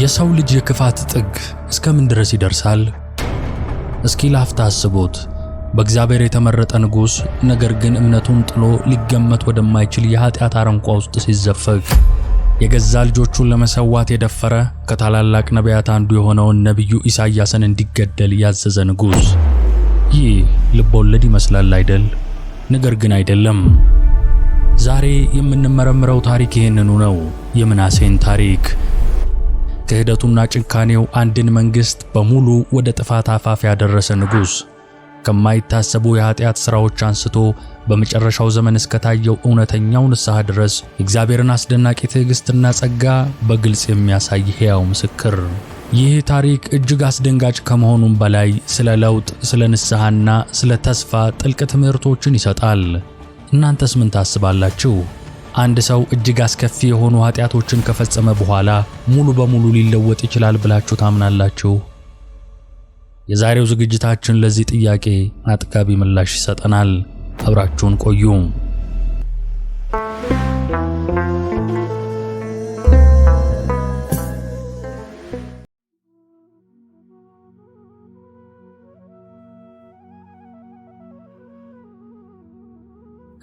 የሰው ልጅ የክፋት ጥግ እስከምን ድረስ ይደርሳል? እስኪ ላፍታ አስቡት። በእግዚአብሔር የተመረጠ ንጉሥ፣ ነገር ግን እምነቱን ጥሎ ሊገመት ወደማይችል የኃጢአት አረንቋ ውስጥ ሲዘፈቅ፣ የገዛ ልጆቹን ለመሰዋት የደፈረ ከታላላቅ ነቢያት አንዱ የሆነውን ነቢዩ ኢሳያስን እንዲገደል ያዘዘ ንጉሥ። ይህ ልቦለድ ይመስላል አይደል? ነገር ግን አይደለም። ዛሬ የምንመረምረው ታሪክ ይህንኑ ነው፣ የምናሴን ታሪክ ክህደቱና ጭካኔው አንድን መንግስት በሙሉ ወደ ጥፋት አፋፍ ያደረሰ ንጉሥ ከማይታሰቡ የኃጢአት ሥራዎች አንስቶ በመጨረሻው ዘመን እስከታየው እውነተኛው ንስሐ ድረስ እግዚአብሔርን አስደናቂ ትዕግሥትና ጸጋ በግልጽ የሚያሳይ ሕያው ምስክር። ይህ ታሪክ እጅግ አስደንጋጭ ከመሆኑም በላይ ስለ ለውጥ፣ ስለ ንስሐና ስለ ተስፋ ጥልቅ ትምህርቶችን ይሰጣል። እናንተስ ምን ታስባላችሁ? አንድ ሰው እጅግ አስከፊ የሆኑ ኃጢአቶችን ከፈጸመ በኋላ ሙሉ በሙሉ ሊለወጥ ይችላል ብላችሁ ታምናላችሁ? የዛሬው ዝግጅታችን ለዚህ ጥያቄ አጥጋቢ ምላሽ ይሰጠናል። አብራችሁን ቆዩ።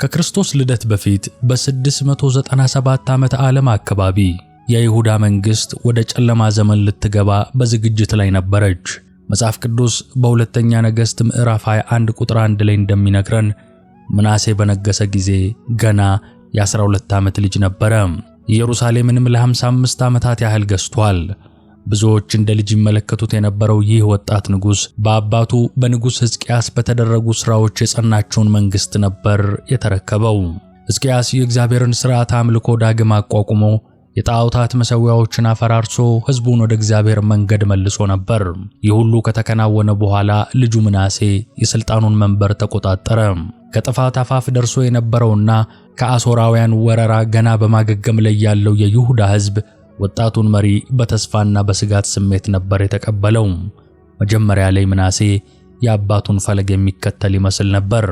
ከክርስቶስ ልደት በፊት በ697 ዓመተ ዓለም አካባቢ የይሁዳ መንግሥት ወደ ጨለማ ዘመን ልትገባ በዝግጅት ላይ ነበረች። መጽሐፍ ቅዱስ በሁለተኛ ነገሥት ምዕራፍ 21 ቁጥር 1 ላይ እንደሚነግረን ምናሴ በነገሰ ጊዜ ገና የ12 ዓመት ልጅ ነበረ። ኢየሩሳሌምንም ለ55 ዓመታት ያህል ገዝቷል። ብዙዎች እንደ ልጅ ይመለከቱት የነበረው ይህ ወጣት ንጉሥ በአባቱ በንጉሥ ሕዝቅያስ በተደረጉ ሥራዎች የጸናቸውን መንግሥት ነበር የተረከበው። ሕዝቅያስ የእግዚአብሔርን ሥርዓት አምልኮ ዳግም አቋቁሞ የጣዖታት መሠዊያዎችን አፈራርሶ ሕዝቡን ወደ እግዚአብሔር መንገድ መልሶ ነበር። ይህ ሁሉ ከተከናወነ በኋላ ልጁ ምናሴ የሥልጣኑን መንበር ተቆጣጠረ። ከጥፋት አፋፍ ደርሶ የነበረውና ከአሦራውያን ወረራ ገና በማገገም ላይ ያለው የይሁዳ ሕዝብ ወጣቱን መሪ በተስፋና በስጋት ስሜት ነበር የተቀበለው። መጀመሪያ ላይ ምናሴ የአባቱን ፈለግ የሚከተል ይመስል ነበር።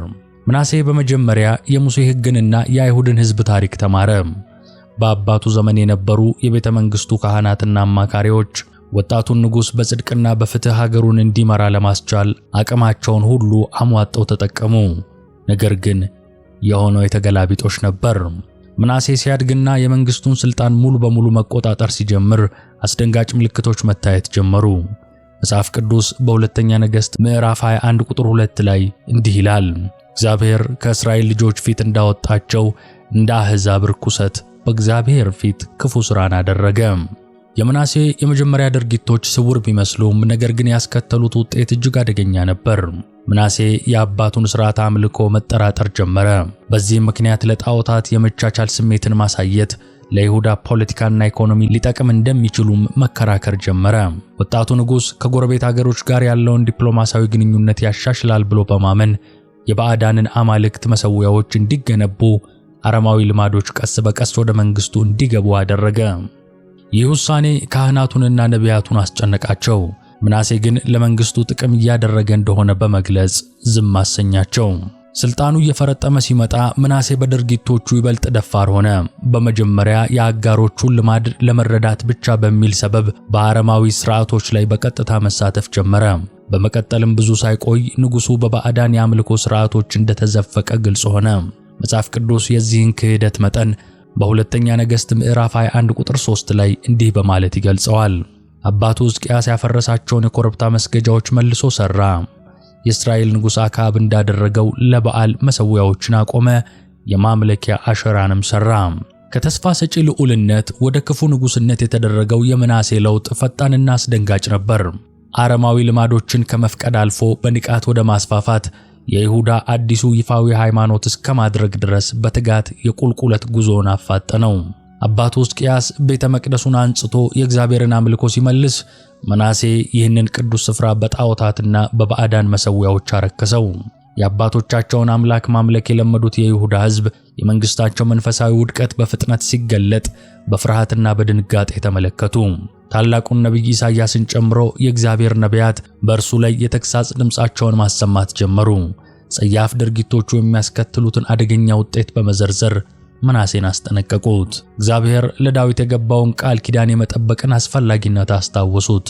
ምናሴ በመጀመሪያ የሙሴ ሕግንና የአይሁድን ሕዝብ ታሪክ ተማረ። በአባቱ ዘመን የነበሩ የቤተ መንግሥቱ ካህናትና አማካሪዎች ወጣቱን ንጉሥ በጽድቅና በፍትሕ ሀገሩን እንዲመራ ለማስቻል አቅማቸውን ሁሉ አሟጠው ተጠቀሙ። ነገር ግን የሆነው የተገላቢጦሽ ነበር። ምናሴ ሲያድግና የመንግስቱን ስልጣን ሙሉ በሙሉ መቆጣጠር ሲጀምር አስደንጋጭ ምልክቶች መታየት ጀመሩ። መጽሐፍ ቅዱስ በሁለተኛ ነገሥት ምዕራፍ 21 ቁጥር 2 ላይ እንዲህ ይላል፣ እግዚአብሔር ከእስራኤል ልጆች ፊት እንዳወጣቸው እንደ አሕዛብ ርኩሰት በእግዚአብሔር ፊት ክፉ ሥራን አደረገ። የምናሴ የመጀመሪያ ድርጊቶች ስውር ቢመስሉም ነገር ግን ያስከተሉት ውጤት እጅግ አደገኛ ነበር። ምናሴ የአባቱን ስርዓት አምልኮ መጠራጠር ጀመረ። በዚህም ምክንያት ለጣዖታት የመቻቻል ስሜትን ማሳየት ለይሁዳ ፖለቲካና ኢኮኖሚ ሊጠቅም እንደሚችሉም መከራከር ጀመረ። ወጣቱ ንጉሥ ከጎረቤት አገሮች ጋር ያለውን ዲፕሎማሲያዊ ግንኙነት ያሻሽላል ብሎ በማመን የባዕዳንን አማልክት መሠዊያዎች እንዲገነቡ አረማዊ ልማዶች ቀስ በቀስ ወደ መንግሥቱ እንዲገቡ አደረገ። ይህ ውሳኔ ካህናቱንና ነቢያቱን አስጨነቃቸው። ምናሴ ግን ለመንግስቱ ጥቅም እያደረገ እንደሆነ በመግለጽ ዝም አሰኛቸው። ስልጣኑ እየፈረጠመ ሲመጣ ምናሴ በድርጊቶቹ ይበልጥ ደፋር ሆነ። በመጀመሪያ የአጋሮቹን ልማድ ለመረዳት ብቻ በሚል ሰበብ በአረማዊ ስርዓቶች ላይ በቀጥታ መሳተፍ ጀመረ። በመቀጠልም ብዙ ሳይቆይ ንጉሱ በባዕዳን የአምልኮ ስርዓቶች እንደተዘፈቀ ግልጽ ሆነ። መጽሐፍ ቅዱስ የዚህን ክህደት መጠን በሁለተኛ ነገሥት ምዕራፍ 21 ቁጥር 3 ላይ እንዲህ በማለት ይገልጸዋል። አባቱ ሕዝቅያስ ያፈረሳቸውን የኮረብታ መስገጃዎች መልሶ ሠራ። የእስራኤል ንጉሥ አክዓብ እንዳደረገው ለበዓል መሠዊያዎችን አቆመ፣ የማምለኪያ አሸራንም ሠራ። ከተስፋ ሰጪ ልዑልነት ወደ ክፉ ንጉሥነት የተደረገው የምናሴ ለውጥ ፈጣንና አስደንጋጭ ነበር። አረማዊ ልማዶችን ከመፍቀድ አልፎ በንቃት ወደ ማስፋፋት የይሁዳ አዲሱ ይፋዊ ሃይማኖት እስከ ማድረግ ድረስ በትጋት የቁልቁለት ጉዞውን አፋጠነው። አባቱ ሕዝቅያስ ቤተ መቅደሱን አንጽቶ የእግዚአብሔርን አምልኮ ሲመልስ መናሴ ይህንን ቅዱስ ስፍራ በጣዖታትና በባዕዳን መሠዊያዎች አረከሰው። የአባቶቻቸውን አምላክ ማምለክ የለመዱት የይሁዳ ሕዝብ የመንግሥታቸው መንፈሳዊ ውድቀት በፍጥነት ሲገለጥ በፍርሃትና በድንጋጤ ተመለከቱ። ታላቁን ነቢይ ኢሳይያስን ጨምሮ የእግዚአብሔር ነቢያት በእርሱ ላይ የተግሣጽ ድምፃቸውን ማሰማት ጀመሩ። ጸያፍ ድርጊቶቹ የሚያስከትሉትን አደገኛ ውጤት በመዘርዘር ምናሴን አስጠነቀቁት። እግዚአብሔር ለዳዊት የገባውን ቃል ኪዳን የመጠበቅን አስፈላጊነት አስታወሱት።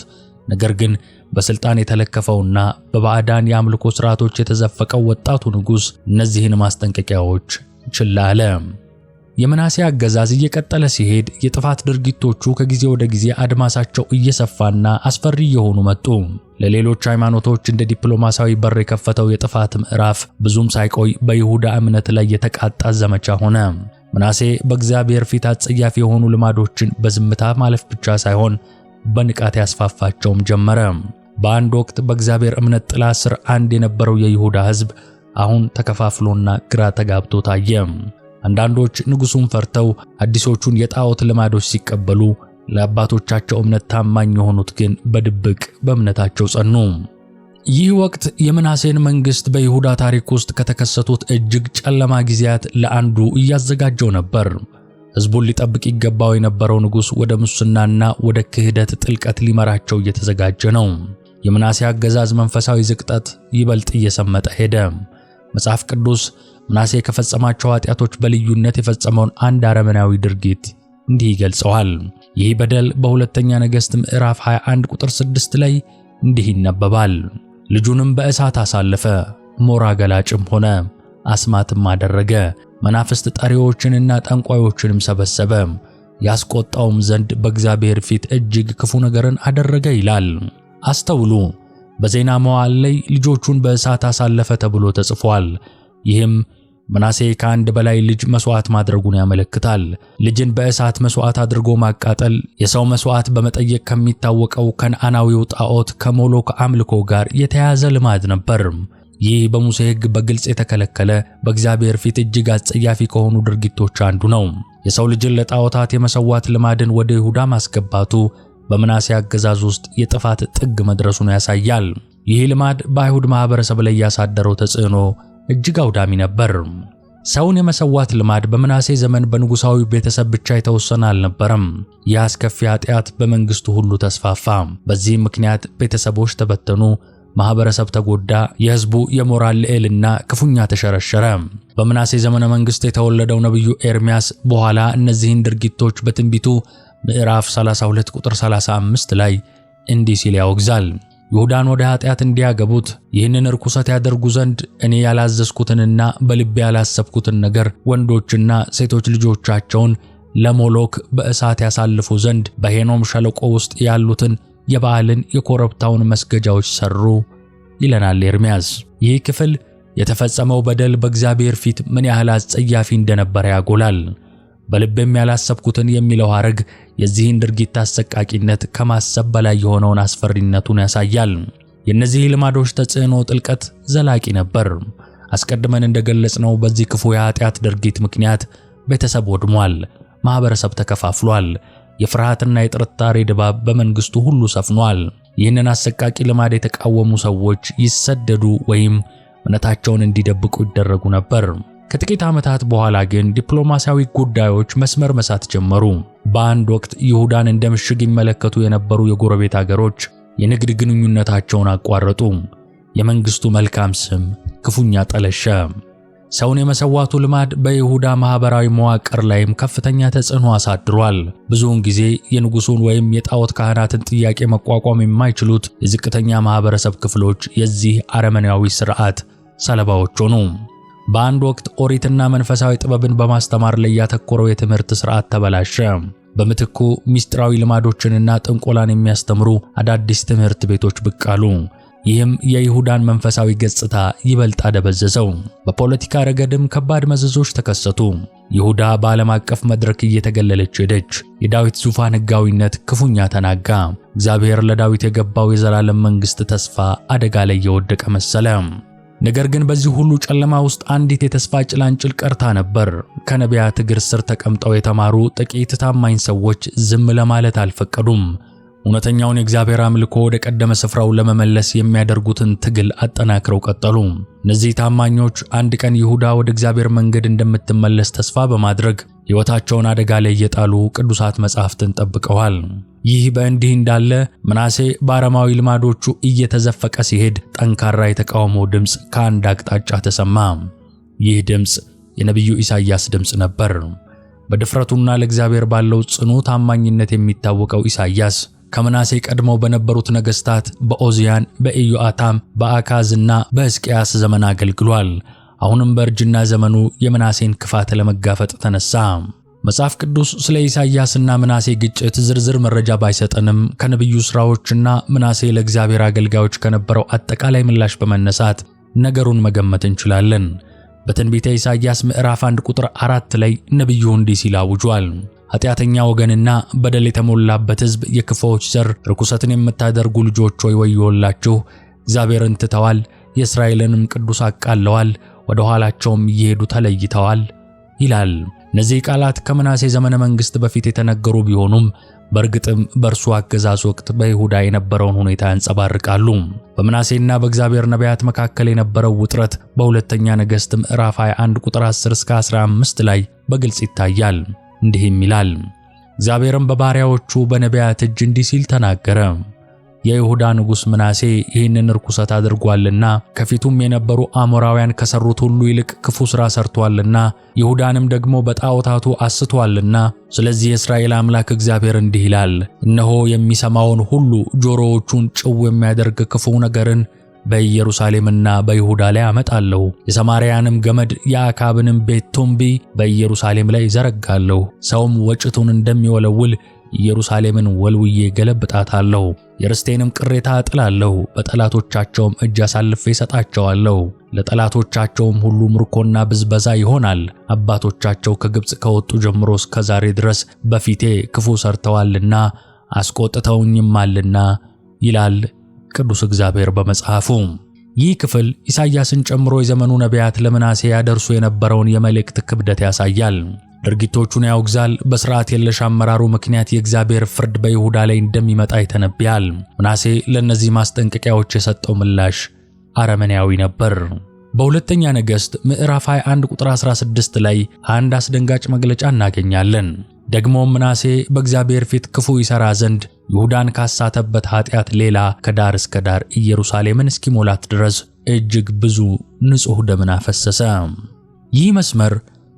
ነገር ግን በስልጣን የተለከፈውና በባዕዳን የአምልኮ ስርዓቶች የተዘፈቀው ወጣቱ ንጉሥ እነዚህን ማስጠንቀቂያዎች ችላ አለ። የምናሴ አገዛዝ እየቀጠለ ሲሄድ የጥፋት ድርጊቶቹ ከጊዜ ወደ ጊዜ አድማሳቸው እየሰፋና አስፈሪ እየሆኑ መጡ። ለሌሎች ሃይማኖቶች እንደ ዲፕሎማሲያዊ በር የከፈተው የጥፋት ምዕራፍ ብዙም ሳይቆይ በይሁዳ እምነት ላይ የተቃጣ ዘመቻ ሆነ። ምናሴ በእግዚአብሔር ፊት አጸያፊ የሆኑ ልማዶችን በዝምታ ማለፍ ብቻ ሳይሆን በንቃት ያስፋፋቸውም ጀመረ። በአንድ ወቅት በእግዚአብሔር እምነት ጥላ ስር አንድ የነበረው የይሁዳ ሕዝብ አሁን ተከፋፍሎና ግራ ተጋብቶ ታየ። አንዳንዶች ንጉሡን ፈርተው አዲሶቹን የጣዖት ልማዶች ሲቀበሉ፣ ለአባቶቻቸው እምነት ታማኝ የሆኑት ግን በድብቅ በእምነታቸው ጸኑ። ይህ ወቅት የምናሴን መንግስት በይሁዳ ታሪክ ውስጥ ከተከሰቱት እጅግ ጨለማ ጊዜያት ለአንዱ እያዘጋጀው ነበር። ሕዝቡን ሊጠብቅ ይገባው የነበረው ንጉሥ ወደ ሙስናና ወደ ክህደት ጥልቀት ሊመራቸው እየተዘጋጀ ነው። የምናሴ አገዛዝ መንፈሳዊ ዝቅጠት ይበልጥ እየሰመጠ ሄደ። መጽሐፍ ቅዱስ ምናሴ ከፈጸማቸው ኃጢአቶች በልዩነት የፈጸመውን አንድ አረመናዊ ድርጊት እንዲህ ይገልጸዋል። ይህ በደል በሁለተኛ ነገሥት ምዕራፍ 21 ቁጥር 6 ላይ እንዲህ ይነበባል። ልጁንም በእሳት አሳለፈ፣ ሞራ ገላጭም ሆነ፣ አስማትም አደረገ። መናፍስት ጠሪዎችንና ጠንቋዮችንም ሰበሰበ፣ ያስቆጣውም ዘንድ በእግዚአብሔር ፊት እጅግ ክፉ ነገርን አደረገ ይላል። አስተውሉ። በዜና መዋዕል ላይ ልጆቹን በእሳት አሳለፈ ተብሎ ተጽፏል። ይህም ምናሴ ከአንድ በላይ ልጅ መስዋዕት ማድረጉን ያመለክታል። ልጅን በእሳት መስዋዕት አድርጎ ማቃጠል የሰው መስዋዕት በመጠየቅ ከሚታወቀው ከነአናዊው ጣዖት ከሞሎክ አምልኮ ጋር የተያያዘ ልማድ ነበር። ይህ በሙሴ ሕግ በግልጽ የተከለከለ በእግዚአብሔር ፊት እጅግ አጸያፊ ከሆኑ ድርጊቶች አንዱ ነው። የሰው ልጅን ለጣዖታት የመሰዋት ልማድን ወደ ይሁዳ ማስገባቱ በምናሴ አገዛዝ ውስጥ የጥፋት ጥግ መድረሱን ያሳያል። ይህ ልማድ በአይሁድ ማኅበረሰብ ላይ ያሳደረው ተጽዕኖ እጅግ አውዳሚ ነበር። ሰውን የመሰዋት ልማድ በምናሴ ዘመን በንጉሳዊ ቤተሰብ ብቻ የተወሰነ አልነበረም። ይህ አጥያት ኃጢአት በመንግስቱ ሁሉ ተስፋፋ። በዚህ ምክንያት ቤተሰቦች ተበተኑ፣ ማህበረሰብ ተጎዳ፣ የህዝቡ የሞራል ልዕልና ክፉኛ ተሸረሸረ። በምናሴ ዘመነ መንግስት የተወለደው ነቢዩ ኤርሚያስ በኋላ እነዚህን ድርጊቶች በትንቢቱ ምዕራፍ 32 ቁጥር 35 ላይ እንዲህ ሲል ያወግዛል። ይሁዳን ወደ ኃጢአት እንዲያገቡት ይህንን ርኩሰት ያደርጉ ዘንድ እኔ ያላዘዝኩትንና በልቤ ያላሰብኩትን ነገር ወንዶችና ሴቶች ልጆቻቸውን ለሞሎክ በእሳት ያሳልፉ ዘንድ በሄኖም ሸለቆ ውስጥ ያሉትን የበዓልን የኮረብታውን መስገጃዎች ሰሩ ይለናል ኤርምያስ። ይህ ክፍል የተፈጸመው በደል በእግዚአብሔር ፊት ምን ያህል አጸያፊ እንደነበረ ያጎላል። በልቤም ያላሰብኩትን የሚለው ሐረግ የዚህን ድርጊት አሰቃቂነት ከማሰብ በላይ የሆነውን አስፈሪነቱን ያሳያል። የእነዚህ ልማዶች ተጽዕኖ ጥልቀት ዘላቂ ነበር። አስቀድመን እንደገለጽነው በዚህ ክፉ የኃጢአት ድርጊት ምክንያት ቤተሰብ ወድሟል፣ ማኅበረሰብ ተከፋፍሏል፣ የፍርሃትና የጥርጣሬ ድባብ በመንግሥቱ ሁሉ ሰፍኗል። ይህንን አሰቃቂ ልማድ የተቃወሙ ሰዎች ይሰደዱ ወይም እምነታቸውን እንዲደብቁ ይደረጉ ነበር። ከጥቂት ዓመታት በኋላ ግን ዲፕሎማሲያዊ ጉዳዮች መስመር መሳት ጀመሩ። በአንድ ወቅት ይሁዳን እንደ ምሽግ ይመለከቱ የነበሩ የጎረቤት አገሮች የንግድ ግንኙነታቸውን አቋረጡ። የመንግስቱ መልካም ስም ክፉኛ ጠለሸ። ሰውን የመሰዋቱ ልማድ በይሁዳ ማህበራዊ መዋቅር ላይም ከፍተኛ ተጽዕኖ አሳድሯል። ብዙውን ጊዜ የንጉሱን ወይም የጣዖት ካህናትን ጥያቄ መቋቋም የማይችሉት የዝቅተኛ ማህበረሰብ ክፍሎች የዚህ አረመኔያዊ ስርዓት ሰለባዎች ሆኑ። በአንድ ወቅት ኦሪትና መንፈሳዊ ጥበብን በማስተማር ላይ ያተኮረው የትምህርት ስርዓት ተበላሸ። በምትኩ ሚስጥራዊ ልማዶችንና ጥንቆላን የሚያስተምሩ አዳዲስ ትምህርት ቤቶች ብቅ አሉ። ይህም የይሁዳን መንፈሳዊ ገጽታ ይበልጥ አደበዘዘው። በፖለቲካ ረገድም ከባድ መዘዞች ተከሰቱ። ይሁዳ በዓለም አቀፍ መድረክ እየተገለለች ሄደች። የዳዊት ዙፋን ሕጋዊነት ክፉኛ ተናጋ። እግዚአብሔር ለዳዊት የገባው የዘላለም መንግሥት ተስፋ አደጋ ላይ የወደቀ መሰለ። ነገር ግን በዚህ ሁሉ ጨለማ ውስጥ አንዲት የተስፋ ጭላንጭል ቀርታ ነበር። ከነቢያት እግር ስር ተቀምጠው የተማሩ ጥቂት ታማኝ ሰዎች ዝም ለማለት አልፈቀዱም። እውነተኛውን የእግዚአብሔር አምልኮ ወደ ቀደመ ስፍራው ለመመለስ የሚያደርጉትን ትግል አጠናክረው ቀጠሉ። እነዚህ ታማኞች አንድ ቀን ይሁዳ ወደ እግዚአብሔር መንገድ እንደምትመለስ ተስፋ በማድረግ ሕይወታቸውን አደጋ ላይ እየጣሉ ቅዱሳት መጻሕፍትን ጠብቀዋል። ይህ በእንዲህ እንዳለ ምናሴ በአረማዊ ልማዶቹ እየተዘፈቀ ሲሄድ ጠንካራ የተቃውሞ ድምፅ ከአንድ አቅጣጫ ተሰማ። ይህ ድምፅ የነቢዩ ኢሳይያስ ድምፅ ነበር። በድፍረቱና ለእግዚአብሔር ባለው ጽኑ ታማኝነት የሚታወቀው ኢሳይያስ ከምናሴ ቀድመው በነበሩት ነገሥታት በኦዚያን፣ በኢዮአታም፣ በአካዝና በሕዝቅያስ ዘመን አገልግሏል። አሁንም በእርጅና ዘመኑ የምናሴን ክፋት ለመጋፈጥ ተነሳ። መጽሐፍ ቅዱስ ስለ ኢሳይያስና ምናሴ ግጭት ዝርዝር መረጃ ባይሰጠንም ከነቢዩ ሥራዎችና ምናሴ ለእግዚአብሔር አገልጋዮች ከነበረው አጠቃላይ ምላሽ በመነሳት ነገሩን መገመት እንችላለን። በትንቢተ ኢሳይያስ ምዕራፍ 1 ቁጥር 4 ላይ ነቢዩ እንዲህ ሲል አውጇል። ኃጢአተኛ ወገንና በደል የተሞላበት ሕዝብ፣ የክፉዎች ዘር፣ ርኩሰትን የምታደርጉ ልጆች ሆይ ወዮላችሁ! እግዚአብሔርን ትተዋል፣ የእስራኤልንም ቅዱስ አቃለዋል፣ ወደ ኋላቸውም እየሄዱ ተለይተዋል ይላል። እነዚህ ቃላት ከምናሴ ዘመነ መንግስት በፊት የተነገሩ ቢሆኑም በእርግጥም በእርሱ አገዛዝ ወቅት በይሁዳ የነበረውን ሁኔታ ያንጸባርቃሉ። በምናሴና በእግዚአብሔር ነቢያት መካከል የነበረው ውጥረት በሁለተኛ ነገሥት ምዕራፍ 21 ቁጥር 10 እስከ 15 ላይ በግልጽ ይታያል። እንዲህም ይላል፣ እግዚአብሔርም በባሪያዎቹ በነቢያት እጅ እንዲህ ሲል ተናገረ የይሁዳ ንጉሥ ምናሴ ይህንን ርኩሰት አድርጓልና ከፊቱም የነበሩ አሞራውያን ከሠሩት ሁሉ ይልቅ ክፉ ሥራ ሠርቶአልና ይሁዳንም ደግሞ በጣዖታቱ አስቶአልና ስለዚህ የእስራኤል አምላክ እግዚአብሔር እንዲህ ይላል፣ እነሆ የሚሰማውን ሁሉ ጆሮዎቹን ጭው የሚያደርግ ክፉ ነገርን በኢየሩሳሌምና በይሁዳ ላይ አመጣለሁ። የሰማርያንም ገመድ የአካብንም ቤት ቱንቢ በኢየሩሳሌም ላይ ዘረጋለሁ። ሰውም ወጭቱን እንደሚወለውል ኢየሩሳሌምን ወልውዬ ገለብጣታለሁ። የርስቴንም ቅሬታ እጥላለሁ፣ በጠላቶቻቸውም እጅ አሳልፌ ሰጣቸዋለሁ። ለጠላቶቻቸውም ሁሉ ምርኮና ብዝበዛ ይሆናል። አባቶቻቸው ከግብፅ ከወጡ ጀምሮ እስከ ዛሬ ድረስ በፊቴ ክፉ ሰርተዋልና አስቆጥተውኝማልና ይላል ቅዱስ እግዚአብሔር በመጽሐፉ። ይህ ክፍል ኢሳይያስን ጨምሮ የዘመኑ ነቢያት ለምናሴ ያደርሱ የነበረውን የመልእክት ክብደት ያሳያል። ድርጊቶቹን ያወግዛል። በስርዓት የለሽ አመራሩ ምክንያት የእግዚአብሔር ፍርድ በይሁዳ ላይ እንደሚመጣ ይተነብያል። ምናሴ ለእነዚህ ማስጠንቀቂያዎች የሰጠው ምላሽ አረመኔያዊ ነበር። በሁለተኛ ነገሥት ምዕራፍ 21 ቁጥር 16 ላይ አንድ አስደንጋጭ መግለጫ እናገኛለን። ደግሞም ምናሴ በእግዚአብሔር ፊት ክፉ ይሠራ ዘንድ ይሁዳን ካሳተበት ኃጢአት ሌላ ከዳር እስከ ዳር ኢየሩሳሌምን እስኪሞላት ድረስ እጅግ ብዙ ንጹሕ ደምን አፈሰሰ። ይህ መስመር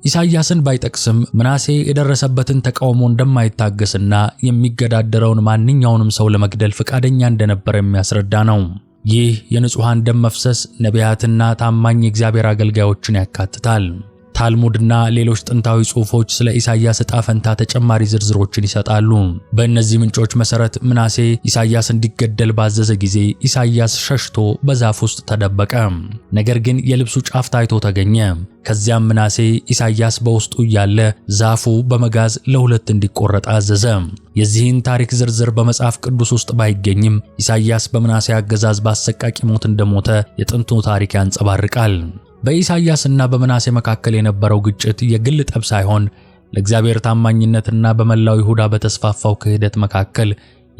ኢሳይያስን ባይጠቅስም ምናሴ የደረሰበትን ተቃውሞ እንደማይታገስና የሚገዳደረውን ማንኛውንም ሰው ለመግደል ፈቃደኛ እንደነበረ የሚያስረዳ ነው። ይህ የንጹሐን ደም መፍሰስ ነቢያትና ታማኝ የእግዚአብሔር አገልጋዮችን ያካትታል። ታልሙድና ሌሎች ጥንታዊ ጽሑፎች ስለ ኢሳያስ ዕጣ ፈንታ ተጨማሪ ዝርዝሮችን ይሰጣሉ። በእነዚህ ምንጮች መሠረት ምናሴ ኢሳያስ እንዲገደል ባዘዘ ጊዜ ኢሳያስ ሸሽቶ በዛፍ ውስጥ ተደበቀ። ነገር ግን የልብሱ ጫፍ ታይቶ ተገኘ። ከዚያም ምናሴ ኢሳያስ በውስጡ እያለ ዛፉ በመጋዝ ለሁለት እንዲቆረጥ አዘዘ። የዚህን ታሪክ ዝርዝር በመጽሐፍ ቅዱስ ውስጥ ባይገኝም ኢሳያስ በምናሴ አገዛዝ በአሰቃቂ ሞት እንደሞተ የጥንቱ ታሪክ ያንጸባርቃል። በኢሳይያስና በመናሴ መካከል የነበረው ግጭት የግል ጠብ ሳይሆን ለእግዚአብሔር ታማኝነትና በመላው ይሁዳ በተስፋፋው ክህደት መካከል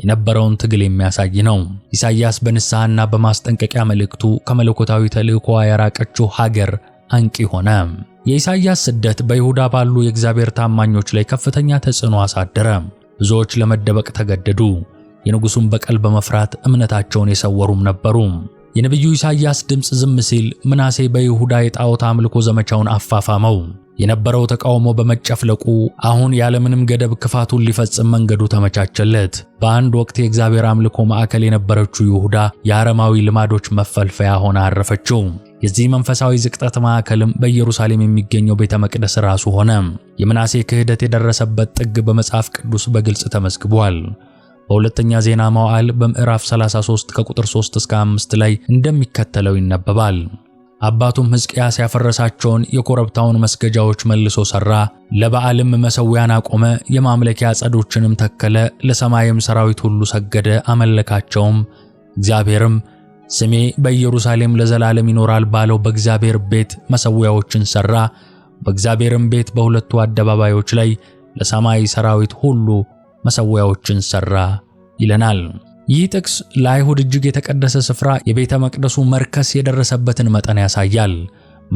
የነበረውን ትግል የሚያሳይ ነው። ኢሳይያስ በንስሐና በማስጠንቀቂያ መልእክቱ ከመለኮታዊ ተልእኮዋ የራቀችው ሀገር አንቂ ሆነ። የኢሳይያስ ስደት በይሁዳ ባሉ የእግዚአብሔር ታማኞች ላይ ከፍተኛ ተጽዕኖ አሳደረ። ብዙዎች ለመደበቅ ተገደዱ። የንጉሡን በቀል በመፍራት እምነታቸውን የሰወሩም ነበሩ። የነቢዩ ኢሳይያስ ድምፅ ዝም ሲል ምናሴ በይሁዳ የጣዖት አምልኮ ዘመቻውን አፋፋመው። የነበረው ተቃውሞ በመጨፍለቁ አሁን ያለምንም ገደብ ክፋቱን ሊፈጽም መንገዱ ተመቻቸለት። በአንድ ወቅት የእግዚአብሔር አምልኮ ማዕከል የነበረችው ይሁዳ የአረማዊ ልማዶች መፈልፈያ ሆና አረፈችው። የዚህ መንፈሳዊ ዝቅጠት ማዕከልም በኢየሩሳሌም የሚገኘው ቤተ መቅደስ ራሱ ሆነ። የምናሴ ክህደት የደረሰበት ጥግ በመጽሐፍ ቅዱስ በግልጽ ተመዝግቧል። በሁለተኛ ዜና መዋዕል በምዕራፍ 33 ከቁጥር 3 እስከ 5 ላይ እንደሚከተለው ይነበባል። አባቱም ሕዝቅያስ ያፈረሳቸውን የኮረብታውን መስገጃዎች መልሶ ሠራ፣ ለበዓልም መሠዊያን አቆመ፣ የማምለኪያ ጸዶችንም ተከለ፣ ለሰማይም ሠራዊት ሁሉ ሰገደ፣ አመለካቸውም። እግዚአብሔርም ስሜ በኢየሩሳሌም ለዘላለም ይኖራል ባለው በእግዚአብሔር ቤት መሠዊያዎችን ሠራ፣ በእግዚአብሔርም ቤት በሁለቱ አደባባዮች ላይ ለሰማይ ሠራዊት ሁሉ መሠዊያዎችን ሠራ ይለናል። ይህ ጥቅስ ለአይሁድ እጅግ የተቀደሰ ስፍራ የቤተ መቅደሱ መርከስ የደረሰበትን መጠን ያሳያል።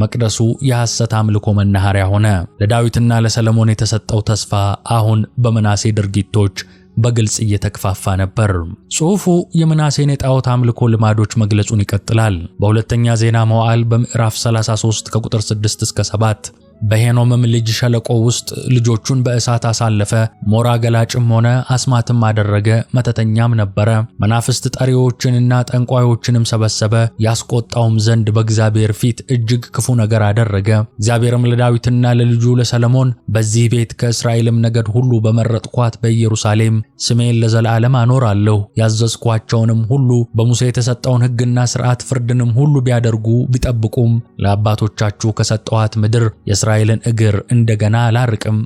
መቅደሱ የሐሰት አምልኮ መናኸሪያ ሆነ። ለዳዊትና ለሰለሞን የተሰጠው ተስፋ አሁን በምናሴ ድርጊቶች በግልጽ እየተከፋፋ ነበር። ጽሑፉ የምናሴን የጣዖት አምልኮ ልማዶች መግለጹን ይቀጥላል። በሁለተኛ ዜና መዋዕል በምዕራፍ 33 ከቁጥር 6 እስከ 7 በሄኖምም ልጅ ሸለቆ ውስጥ ልጆቹን በእሳት አሳለፈ። ሞራ ገላጭም ሆነ አስማትም አደረገ፣ መተተኛም ነበረ። መናፍስት ጠሪዎችንና ጠንቋዮችንም ሰበሰበ፣ ያስቆጣውም ዘንድ በእግዚአብሔር ፊት እጅግ ክፉ ነገር አደረገ። እግዚአብሔርም ለዳዊትና ለልጁ ለሰለሞን በዚህ ቤት ከእስራኤልም ነገድ ሁሉ በመረጥኳት በኢየሩሳሌም ስሜን ለዘላለም አኖራለሁ፣ ያዘዝኳቸውንም ሁሉ በሙሴ የተሰጠውን ሕግና ሥርዓት ፍርድንም ሁሉ ቢያደርጉ ቢጠብቁም ለአባቶቻችሁ ከሰጠኋት ምድር የእስራኤልን እግር እንደገና አላርቅም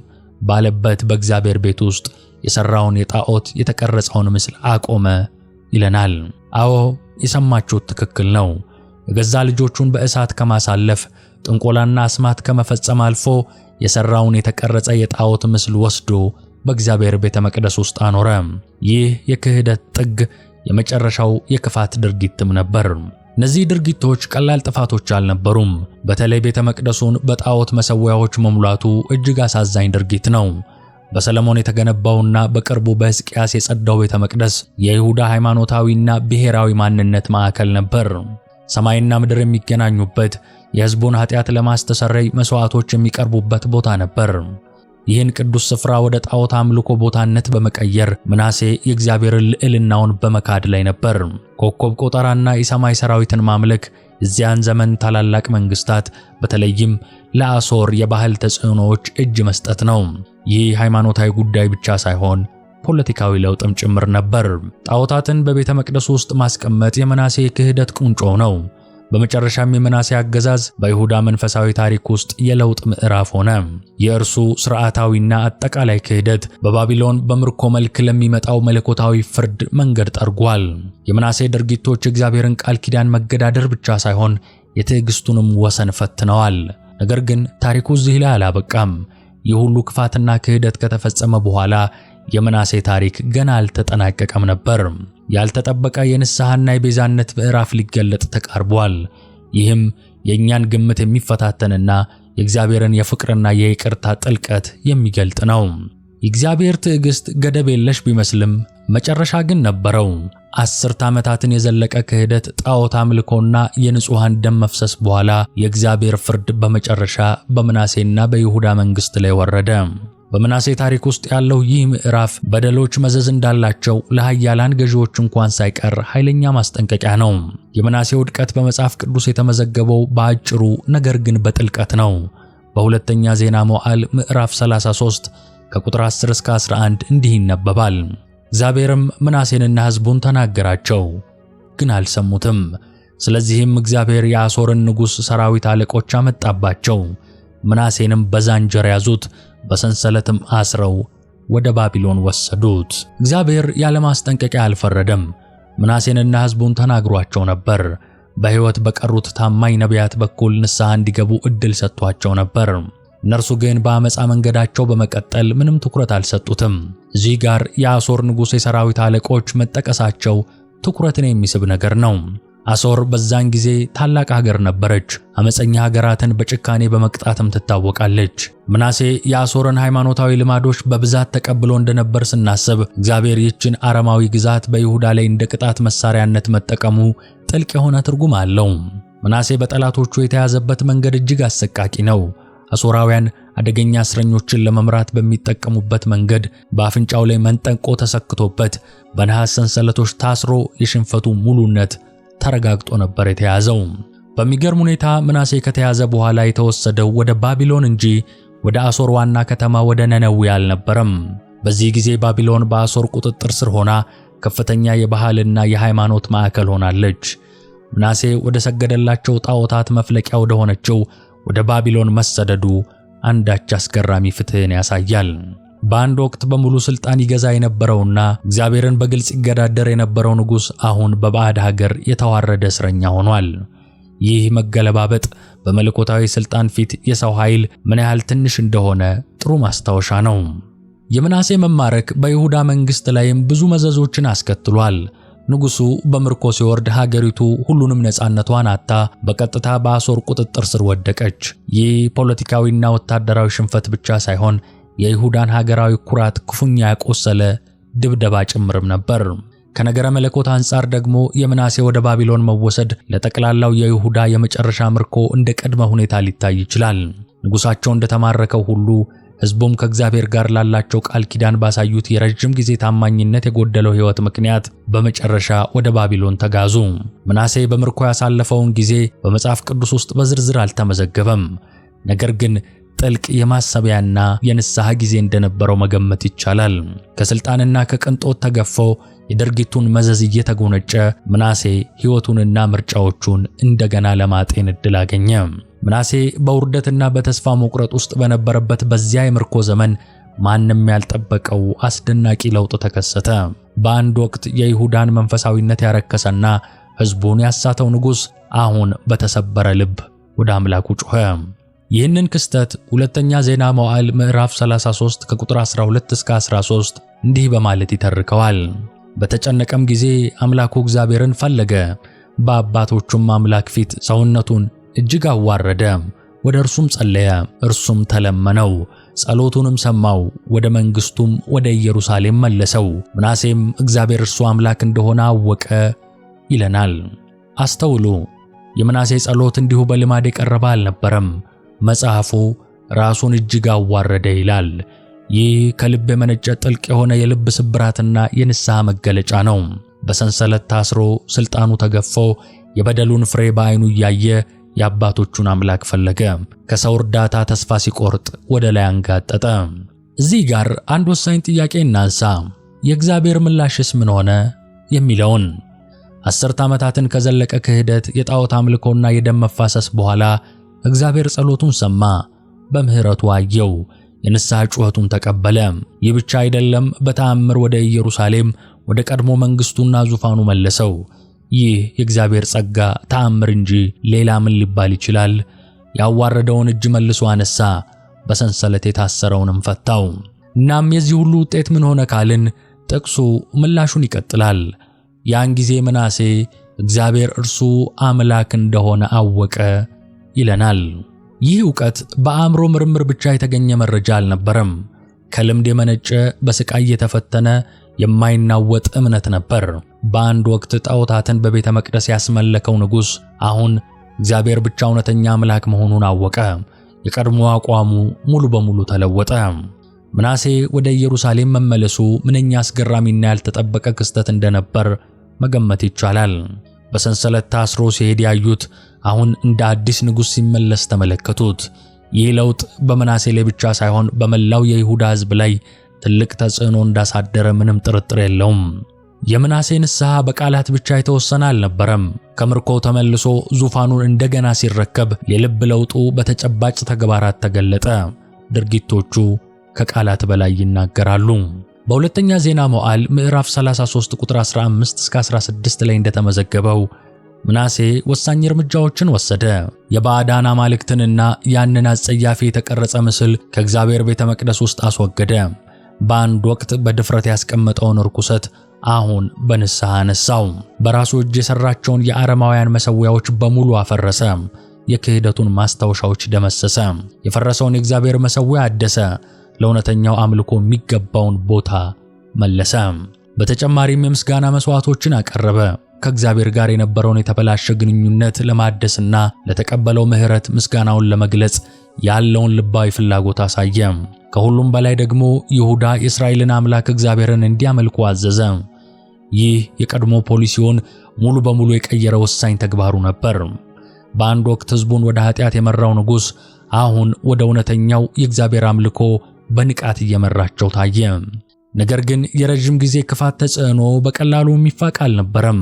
ባለበት በእግዚአብሔር ቤት ውስጥ የሠራውን የጣዖት የተቀረጸውን ምስል አቆመ ይለናል። አዎ የሰማችሁት ትክክል ነው። የገዛ ልጆቹን በእሳት ከማሳለፍ ጥንቆላና አስማት ከመፈጸም አልፎ የሠራውን የተቀረጸ የጣዖት ምስል ወስዶ በእግዚአብሔር ቤተ መቅደስ ውስጥ አኖረ። ይህ የክህደት ጥግ የመጨረሻው የክፋት ድርጊትም ነበር። እነዚህ ድርጊቶች ቀላል ጥፋቶች አልነበሩም። በተለይ ቤተ መቅደሱን በጣዖት መሠዊያዎች መሙላቱ እጅግ አሳዛኝ ድርጊት ነው። በሰለሞን የተገነባውና በቅርቡ በሕዝቅያስ የጸዳው ቤተ መቅደስ የይሁዳ ሃይማኖታዊና ብሔራዊ ማንነት ማዕከል ነበር። ሰማይና ምድር የሚገናኙበት፣ የሕዝቡን ኃጢአት ለማስተሰረይ መሥዋዕቶች የሚቀርቡበት ቦታ ነበር። ይህን ቅዱስ ስፍራ ወደ ጣዖት አምልኮ ቦታነት በመቀየር ምናሴ የእግዚአብሔርን ልዕልናውን በመካድ ላይ ነበር። ኮከብ ቆጠራና የሰማይ ሰራዊትን ማምለክ እዚያን ዘመን ታላላቅ መንግስታት በተለይም ለአሶር የባህል ተጽዕኖዎች እጅ መስጠት ነው። ይህ ሃይማኖታዊ ጉዳይ ብቻ ሳይሆን ፖለቲካዊ ለውጥም ጭምር ነበር። ጣዖታትን በቤተ መቅደሱ ውስጥ ማስቀመጥ የምናሴ ክህደት ቁንጮ ነው። በመጨረሻም የምናሴ አገዛዝ በይሁዳ መንፈሳዊ ታሪክ ውስጥ የለውጥ ምዕራፍ ሆነ። የእርሱ ስርዓታዊና አጠቃላይ ክህደት በባቢሎን በምርኮ መልክ ለሚመጣው መለኮታዊ ፍርድ መንገድ ጠርጓል። የምናሴ ድርጊቶች የእግዚአብሔርን ቃል ኪዳን መገዳደር ብቻ ሳይሆን የትዕግስቱንም ወሰን ፈትነዋል። ነገር ግን ታሪኩ እዚህ ላይ አላበቃም። የሁሉ ክፋትና ክህደት ከተፈጸመ በኋላ የምናሴ ታሪክ ገና አልተጠናቀቀም ነበር። ያልተጠበቀ የንስሐና የቤዛነት ምዕራፍ ሊገለጥ ተቃርቧል። ይህም የእኛን ግምት የሚፈታተንና የእግዚአብሔርን የፍቅርና የይቅርታ ጥልቀት የሚገልጥ ነው። የእግዚአብሔር ትዕግስት ገደብ የለሽ ቢመስልም መጨረሻ ግን ነበረው። አስርት ዓመታትን የዘለቀ ክህደት፣ ጣዖት አምልኮና የንጹሐን ደም መፍሰስ በኋላ የእግዚአብሔር ፍርድ በመጨረሻ በምናሴና በይሁዳ መንግሥት ላይ ወረደ። በምናሴ ታሪክ ውስጥ ያለው ይህ ምዕራፍ በደሎች መዘዝ እንዳላቸው ለሃያላን ገዢዎች እንኳን ሳይቀር ኃይለኛ ማስጠንቀቂያ ነው። የምናሴ ውድቀት በመጽሐፍ ቅዱስ የተመዘገበው በአጭሩ ነገር ግን በጥልቀት ነው። በሁለተኛ ዜና መዋዕል ምዕራፍ 33 ከቁጥር 10 እስከ 11 እንዲህ ይነበባል። እግዚአብሔርም ምናሴንና ሕዝቡን ተናገራቸው፣ ግን አልሰሙትም። ስለዚህም እግዚአብሔር የአሦርን ንጉሥ ሰራዊት አለቆች አመጣባቸው ምናሴንም በዛንጀር ያዙት፣ በሰንሰለትም አስረው ወደ ባቢሎን ወሰዱት። እግዚአብሔር ያለማስጠንቀቂያ አልፈረደም። ምናሴንና ሕዝቡን ተናግሯቸው ነበር። በሕይወት በቀሩት ታማኝ ነቢያት በኩል ንስሐ እንዲገቡ ዕድል ሰጥቷቸው ነበር። እነርሱ ግን በአመፃ መንገዳቸው በመቀጠል ምንም ትኩረት አልሰጡትም። እዚህ ጋር የአሦር ንጉሥ የሰራዊት አለቆች መጠቀሳቸው ትኩረትን የሚስብ ነገር ነው። አሶር በዛን ጊዜ ታላቅ ሀገር ነበረች። አመፀኛ ሀገራትን በጭካኔ በመቅጣትም ትታወቃለች። ምናሴ የአሶርን ሃይማኖታዊ ልማዶች በብዛት ተቀብሎ እንደነበር ስናስብ እግዚአብሔር ይችን አረማዊ ግዛት በይሁዳ ላይ እንደ ቅጣት መሳሪያነት መጠቀሙ ጥልቅ የሆነ ትርጉም አለው። ምናሴ በጠላቶቹ የተያዘበት መንገድ እጅግ አሰቃቂ ነው። አሶራውያን አደገኛ እስረኞችን ለመምራት በሚጠቀሙበት መንገድ በአፍንጫው ላይ መንጠቆ ተሰክቶበት በነሐስ ሰንሰለቶች ታስሮ የሽንፈቱ ሙሉነት ተረጋግጦ ነበር የተያዘው። በሚገርም ሁኔታ ምናሴ ከተያዘ በኋላ የተወሰደው ወደ ባቢሎን እንጂ ወደ አሶር ዋና ከተማ ወደ ነነዌ አልነበረም። በዚህ ጊዜ ባቢሎን በአሶር ቁጥጥር ስር ሆና ከፍተኛ የባህልና የሃይማኖት ማዕከል ሆናለች። ምናሴ ወደ ሰገደላቸው ጣዖታት መፍለቂያ ወደ ሆነችው ወደ ባቢሎን መሰደዱ አንዳች አስገራሚ ፍትህን ያሳያል። በአንድ ወቅት በሙሉ ስልጣን ይገዛ የነበረውና እግዚአብሔርን በግልጽ ይገዳደር የነበረው ንጉሥ አሁን በባዕድ ሀገር የተዋረደ እስረኛ ሆኗል። ይህ መገለባበጥ በመለኮታዊ ስልጣን ፊት የሰው ኃይል ምን ያህል ትንሽ እንደሆነ ጥሩ ማስታወሻ ነው። የምናሴ መማረክ በይሁዳ መንግሥት ላይም ብዙ መዘዞችን አስከትሏል። ንጉሡ በምርኮ ሲወርድ ሀገሪቱ ሁሉንም ነፃነቷን አጣ፣ በቀጥታ በአሦር ቁጥጥር ስር ወደቀች። ይህ ፖለቲካዊና ወታደራዊ ሽንፈት ብቻ ሳይሆን የይሁዳን ሀገራዊ ኩራት ክፉኛ ያቆሰለ ድብደባ ጭምርም ነበር። ከነገረ መለኮት አንጻር ደግሞ የምናሴ ወደ ባቢሎን መወሰድ ለጠቅላላው የይሁዳ የመጨረሻ ምርኮ እንደ ቅድመ ሁኔታ ሊታይ ይችላል። ንጉሳቸው እንደተማረከው ሁሉ ሕዝቡም ከእግዚአብሔር ጋር ላላቸው ቃል ኪዳን ባሳዩት የረዥም ጊዜ ታማኝነት የጎደለው ሕይወት ምክንያት በመጨረሻ ወደ ባቢሎን ተጋዙ። ምናሴ በምርኮ ያሳለፈውን ጊዜ በመጽሐፍ ቅዱስ ውስጥ በዝርዝር አልተመዘገበም። ነገር ግን ጥልቅ የማሰቢያና የንስሐ ጊዜ እንደነበረው መገመት ይቻላል። ከስልጣንና ከቅንጦት ተገፎ የድርጊቱን መዘዝ እየተጎነጨ ምናሴ ሕይወቱንና ምርጫዎቹን እንደገና ለማጤን እድል አገኘ። ምናሴ በውርደትና በተስፋ መቁረጥ ውስጥ በነበረበት በዚያ የምርኮ ዘመን ማንም ያልጠበቀው አስደናቂ ለውጥ ተከሰተ። በአንድ ወቅት የይሁዳን መንፈሳዊነት ያረከሰና ሕዝቡን ያሳተው ንጉሥ አሁን በተሰበረ ልብ ወደ አምላኩ ጮኸ። ይህንን ክስተት ሁለተኛ ዜና መዋዕል ምዕራፍ 33 ከቁጥር 12 እስከ 13 እንዲህ በማለት ይተርከዋል። በተጨነቀም ጊዜ አምላኩ እግዚአብሔርን ፈለገ፣ በአባቶቹም አምላክ ፊት ሰውነቱን እጅግ አዋረደ። ወደ እርሱም ጸለየ፣ እርሱም ተለመነው፣ ጸሎቱንም ሰማው፣ ወደ መንግሥቱም ወደ ኢየሩሳሌም መለሰው። ምናሴም እግዚአብሔር እርሱ አምላክ እንደሆነ አወቀ ይለናል። አስተውሉ፣ የምናሴ ጸሎት እንዲሁ በልማድ የቀረበ አልነበረም። መጽሐፉ ራሱን እጅግ አዋረደ ይላል። ይህ ከልብ የመነጨ ጥልቅ የሆነ የልብ ስብራትና የንስሐ መገለጫ ነው። በሰንሰለት ታስሮ ስልጣኑ ተገፎ የበደሉን ፍሬ በአይኑ እያየ የአባቶቹን አምላክ ፈለገ። ከሰው እርዳታ ተስፋ ሲቆርጥ ወደ ላይ አንጋጠጠ። እዚህ ጋር አንድ ወሳኝ ጥያቄ እናንሳ። የእግዚአብሔር ምላሽስ ምን ሆነ የሚለውን አስርት ዓመታትን ከዘለቀ ክህደት፣ የጣዖት አምልኮና የደም መፋሰስ በኋላ እግዚአብሔር ጸሎቱን ሰማ፣ በምሕረቱ አየው፣ የንስሐ ጩኸቱን ተቀበለ። ይህ ብቻ አይደለም፣ በተአምር ወደ ኢየሩሳሌም ወደ ቀድሞ መንግሥቱና ዙፋኑ መለሰው። ይህ የእግዚአብሔር ጸጋ ተአምር እንጂ ሌላ ምን ሊባል ይችላል? ያዋረደውን እጅ መልሶ አነሳ፣ በሰንሰለት የታሰረውንም ፈታው። እናም የዚህ ሁሉ ውጤት ምን ሆነ ካልን ጥቅሱ ምላሹን ይቀጥላል። ያን ጊዜ ምናሴ እግዚአብሔር እርሱ አምላክ እንደሆነ አወቀ ይለናል። ይህ እውቀት በአእምሮ ምርምር ብቻ የተገኘ መረጃ አልነበረም። ከልምድ የመነጨ በስቃይ የተፈተነ የማይናወጥ እምነት ነበር። በአንድ ወቅት ጣዖታትን በቤተ መቅደስ ያስመለከው ንጉሥ አሁን እግዚአብሔር ብቻ እውነተኛ አምላክ መሆኑን አወቀ። የቀድሞ አቋሙ ሙሉ በሙሉ ተለወጠ። ምናሴ ወደ ኢየሩሳሌም መመለሱ ምንኛ አስገራሚና ያልተጠበቀ ክስተት እንደነበር መገመት ይቻላል። በሰንሰለት ታስሮ ሲሄድ ያዩት አሁን እንደ አዲስ ንጉሥ ሲመለስ ተመለከቱት። ይህ ለውጥ በመናሴ ላይ ብቻ ሳይሆን በመላው የይሁዳ ሕዝብ ላይ ትልቅ ተጽዕኖ እንዳሳደረ ምንም ጥርጥር የለውም። የምናሴ ንስሐ በቃላት ብቻ የተወሰነ አልነበረም። ከምርኮ ተመልሶ ዙፋኑን እንደገና ሲረከብ የልብ ለውጡ በተጨባጭ ተግባራት ተገለጠ። ድርጊቶቹ ከቃላት በላይ ይናገራሉ። በሁለተኛ ዜና መዋዕል ምዕራፍ 33 ቁጥር 15 እስከ 16 ላይ እንደተመዘገበው ምናሴ ወሳኝ እርምጃዎችን ወሰደ። የባዕዳን አማልክትንና ያንን አጸያፊ የተቀረጸ ምስል ከእግዚአብሔር ቤተ መቅደስ ውስጥ አስወገደ። በአንድ ወቅት በድፍረት ያስቀመጠውን ርኩሰት አሁን በንስሐ አነሳው። በራሱ እጅ የሰራቸውን የአረማውያን መሠዊያዎች በሙሉ አፈረሰ። የክህደቱን ማስታወሻዎች ደመሰሰ። የፈረሰውን የእግዚአብሔር መሠዊያ አደሰ። ለእውነተኛው አምልኮ የሚገባውን ቦታ መለሰ። በተጨማሪም የምስጋና መስዋዕቶችን አቀረበ። ከእግዚአብሔር ጋር የነበረውን የተበላሸ ግንኙነት ለማደስና ለተቀበለው ምሕረት ምስጋናውን ለመግለጽ ያለውን ልባዊ ፍላጎት አሳየ። ከሁሉም በላይ ደግሞ ይሁዳ የእስራኤልን አምላክ እግዚአብሔርን እንዲያመልኩ አዘዘ። ይህ የቀድሞ ፖሊሲውን ሙሉ በሙሉ የቀየረ ወሳኝ ተግባሩ ነበር። በአንድ ወቅት ሕዝቡን ወደ ኃጢአት የመራው ንጉሥ አሁን ወደ እውነተኛው የእግዚአብሔር አምልኮ በንቃት እየመራቸው ታየ። ነገር ግን የረዥም ጊዜ ክፋት ተጽዕኖ በቀላሉ የሚፋቅ አልነበረም።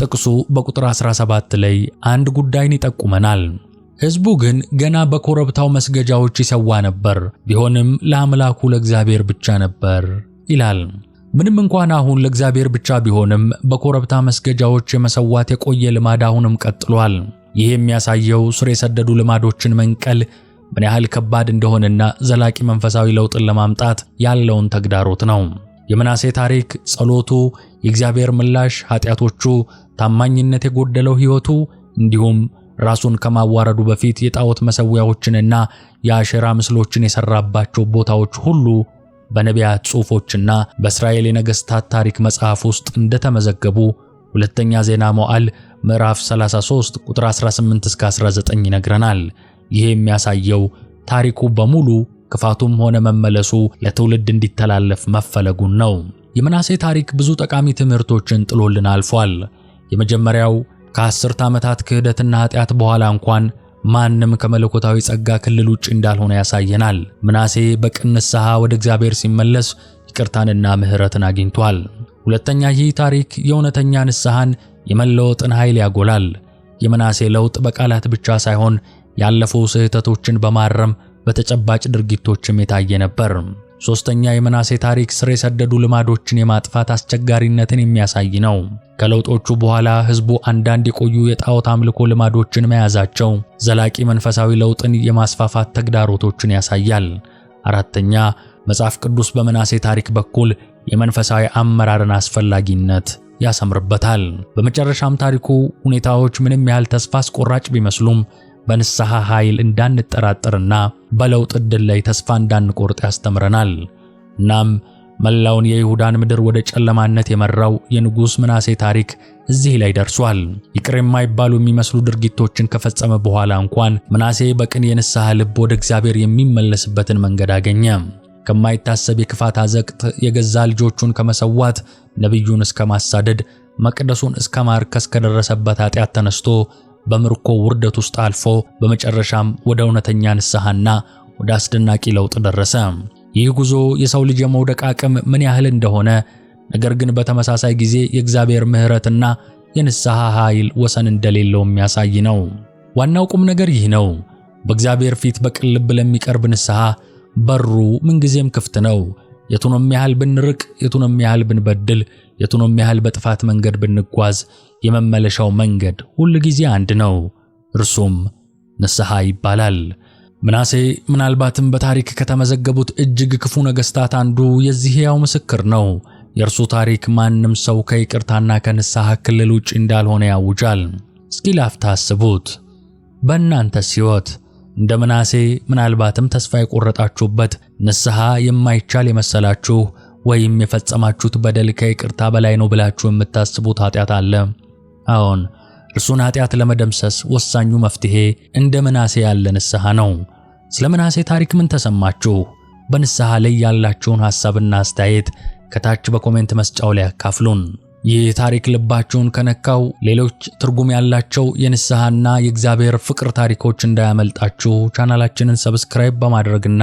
ጥቅሱ በቁጥር 17 ላይ አንድ ጉዳይን ይጠቁመናል። ሕዝቡ ግን ገና በኮረብታው መስገጃዎች ይሰዋ ነበር፣ ቢሆንም ለአምላኩ ለእግዚአብሔር ብቻ ነበር ይላል። ምንም እንኳን አሁን ለእግዚአብሔር ብቻ ቢሆንም በኮረብታ መስገጃዎች የመሰዋት የቆየ ልማድ አሁንም ቀጥሏል። ይህ የሚያሳየው ስር የሰደዱ ልማዶችን መንቀል ምን ያህል ከባድ እንደሆነና ዘላቂ መንፈሳዊ ለውጥን ለማምጣት ያለውን ተግዳሮት ነው። የምናሴ ታሪክ፣ ጸሎቱ፣ የእግዚአብሔር ምላሽ፣ ኃጢአቶቹ፣ ታማኝነት የጎደለው ሕይወቱ እንዲሁም ራሱን ከማዋረዱ በፊት የጣዖት መሠዊያዎችንና የአሸራ ምስሎችን የሠራባቸው ቦታዎች ሁሉ በነቢያት ጽሑፎችና በእስራኤል የነገሥታት ታሪክ መጽሐፍ ውስጥ እንደተመዘገቡ ሁለተኛ ዜና መዋዕል ምዕራፍ 33 ቁጥር 18 እስከ 19 ይነግረናል። ይህ የሚያሳየው ታሪኩ በሙሉ ክፋቱም ሆነ መመለሱ ለትውልድ እንዲተላለፍ መፈለጉን ነው። የምናሴ ታሪክ ብዙ ጠቃሚ ትምህርቶችን ጥሎልን አልፏል። የመጀመሪያው ከአስርተ ዓመታት ክህደትና ኃጢአት በኋላ እንኳን ማንም ከመለኮታዊ ጸጋ ክልል ውጭ እንዳልሆነ ያሳየናል። ምናሴ በቅን ንስሐ ወደ እግዚአብሔር ሲመለስ ይቅርታንና ምሕረትን አግኝቷል። ሁለተኛ፣ ይህ ታሪክ የእውነተኛ ንስሐን የመለወጥን ኃይል ያጎላል። የምናሴ ለውጥ በቃላት ብቻ ሳይሆን ያለፉ ስህተቶችን በማረም በተጨባጭ ድርጊቶችም የታየ ነበር። ሶስተኛ የምናሴ ታሪክ ስር የሰደዱ ልማዶችን የማጥፋት አስቸጋሪነትን የሚያሳይ ነው። ከለውጦቹ በኋላ ህዝቡ አንዳንድ የቆዩ የጣዖት አምልኮ ልማዶችን መያዛቸው ዘላቂ መንፈሳዊ ለውጥን የማስፋፋት ተግዳሮቶችን ያሳያል። አራተኛ መጽሐፍ ቅዱስ በምናሴ ታሪክ በኩል የመንፈሳዊ አመራርን አስፈላጊነት ያሰምርበታል። በመጨረሻም ታሪኩ ሁኔታዎች ምንም ያህል ተስፋ አስቆራጭ ቢመስሉም በንስሐ ኃይል እንዳንጠራጠርና በለውጥ ዕድል ላይ ተስፋ እንዳንቆርጥ ያስተምረናል። እናም መላውን የይሁዳን ምድር ወደ ጨለማነት የመራው የንጉሥ ምናሴ ታሪክ እዚህ ላይ ደርሷል። ይቅር የማይባሉ የሚመስሉ ድርጊቶችን ከፈጸመ በኋላ እንኳን ምናሴ በቅን የንስሐ ልብ ወደ እግዚአብሔር የሚመለስበትን መንገድ አገኘ። ከማይታሰብ የክፋት አዘቅት የገዛ ልጆቹን ከመሰዋት፣ ነቢዩን እስከ ማሳደድ፣ መቅደሱን እስከ ማርከስ ከደረሰበት ኃጢአት ተነስቶ በምርኮ ውርደት ውስጥ አልፎ በመጨረሻም ወደ እውነተኛ ንስሐና ወደ አስደናቂ ለውጥ ደረሰ። ይህ ጉዞ የሰው ልጅ የመውደቅ አቅም ምን ያህል እንደሆነ፣ ነገር ግን በተመሳሳይ ጊዜ የእግዚአብሔር ምሕረትና የንስሐ ኃይል ወሰን እንደሌለው የሚያሳይ ነው። ዋናው ቁም ነገር ይህ ነው። በእግዚአብሔር ፊት በቅን ልብ ለሚቀርብ ንስሐ በሩ ምንጊዜም ክፍት ነው። የቱንም ያህል ብንርቅ፣ የቱንም ያህል ብንበድል የቱንም ያህል በጥፋት መንገድ ብንጓዝ የመመለሻው መንገድ ሁል ጊዜ አንድ ነው፣ እርሱም ንስሐ ይባላል። ምናሴ ምናልባትም በታሪክ ከተመዘገቡት እጅግ ክፉ ነገሥታት አንዱ የዚህ ሕያው ምስክር ነው። የእርሱ ታሪክ ማንም ሰው ከይቅርታና ከንስሐ ክልል ውጭ እንዳልሆነ ያውጃል። እስኪ ላፍታ አስቡት። በእናንተስ ሕይወት እንደ ምናሴ ምናልባትም ተስፋ የቆረጣችሁበት፣ ንስሐ የማይቻል የመሰላችሁ ወይም የፈጸማችሁት በደል ከይቅርታ በላይ ነው ብላችሁ የምታስቡት ኃጢአት አለ። አዎን፣ እርሱን ኃጢአት ለመደምሰስ ወሳኙ መፍትሄ እንደ ምናሴ ያለ ንስሐ ነው። ስለ ምናሴ ታሪክ ምን ተሰማችሁ? በንስሐ ላይ ያላችሁን ሐሳብና አስተያየት ከታች በኮሜንት መስጫው ላይ አካፍሉን። ይህ ታሪክ ልባችሁን ከነካው ሌሎች ትርጉም ያላቸው የንስሐና የእግዚአብሔር ፍቅር ታሪኮች እንዳያመልጣችሁ ቻናላችንን ሰብስክራይብ በማድረግና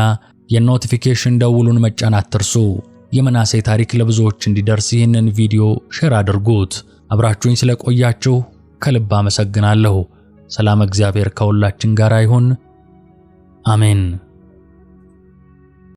የኖቲፊኬሽን ደውሉን መጫን አትርሱ። የመናሴ ታሪክ ለብዙዎች እንዲደርስ ይህንን ቪዲዮ ሼር አድርጉት። አብራችሁኝ ስለቆያችሁ ከልብ አመሰግናለሁ። ሰላም፣ እግዚአብሔር ከሁላችን ጋር ይሁን። አሜን።